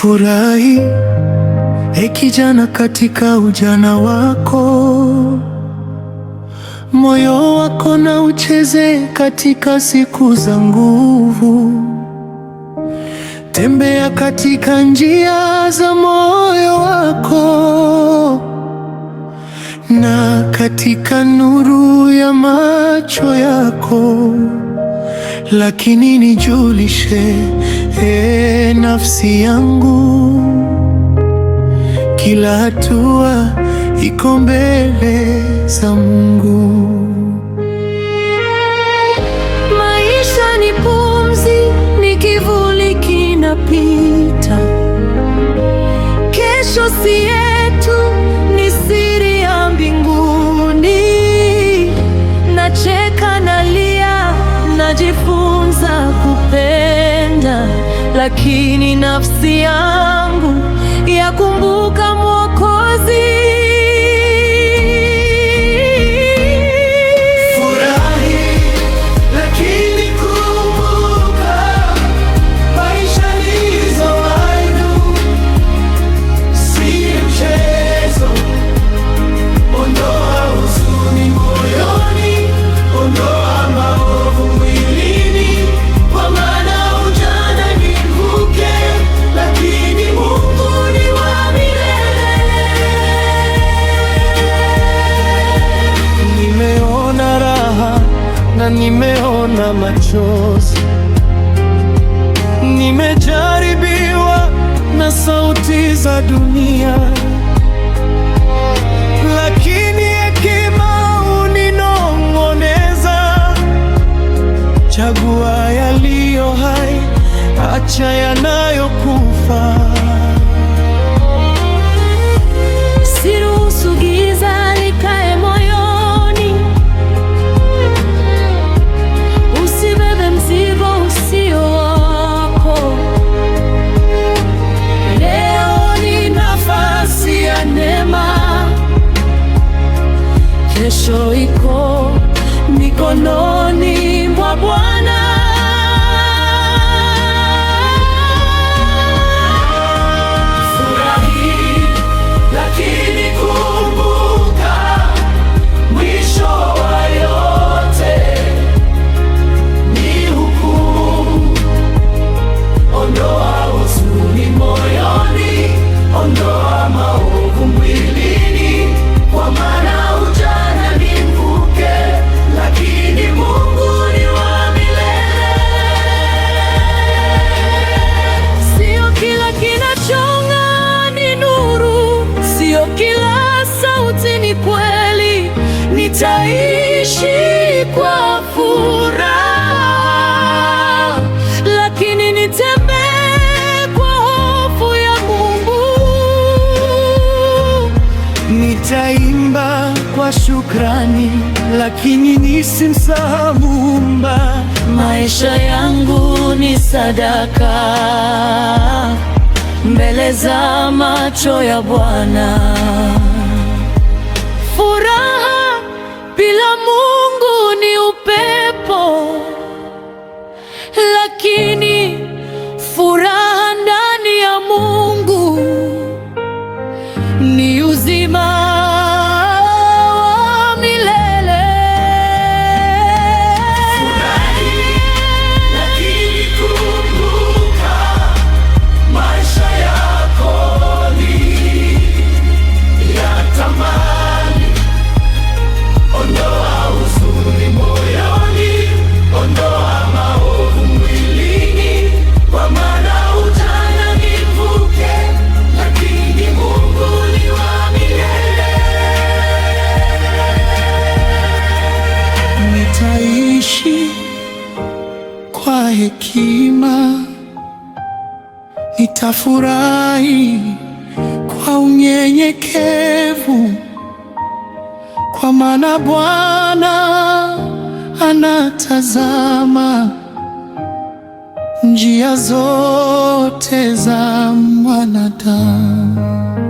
Furahi e kijana, katika ujana wako, moyo wako na ucheze katika siku za nguvu. Tembea katika njia za moyo wako na katika nuru ya macho yako lakini nijulishe, e nafsi yangu, kila hatua iko mbele za Mungu. Maisha ni pumzi, ni kivuli kinapita lakini nafsi yangu yakumbuka Nimejaribiwa na sauti za dunia, lakini hekima uninong'oneza. Chagua yaliyo hai, acha yana mikononi nitaishi kwa furaha, lakini nitembee kwa hofu ya Mungu. Nitaimba kwa shukrani, lakini nisimsahau Muumba. Maisha yangu ni sadaka mbele za macho ya Bwana. Mungu ni hekima, nitafurahi kwa unyenyekevu, kwa maana Bwana anatazama njia zote za mwanadamu.